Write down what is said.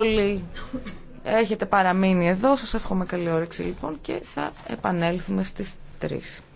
όλοι έχετε παραμείνει εδώ. Σας εύχομαι καλή όρεξη λοιπόν και θα επανέλθουμε στις 3.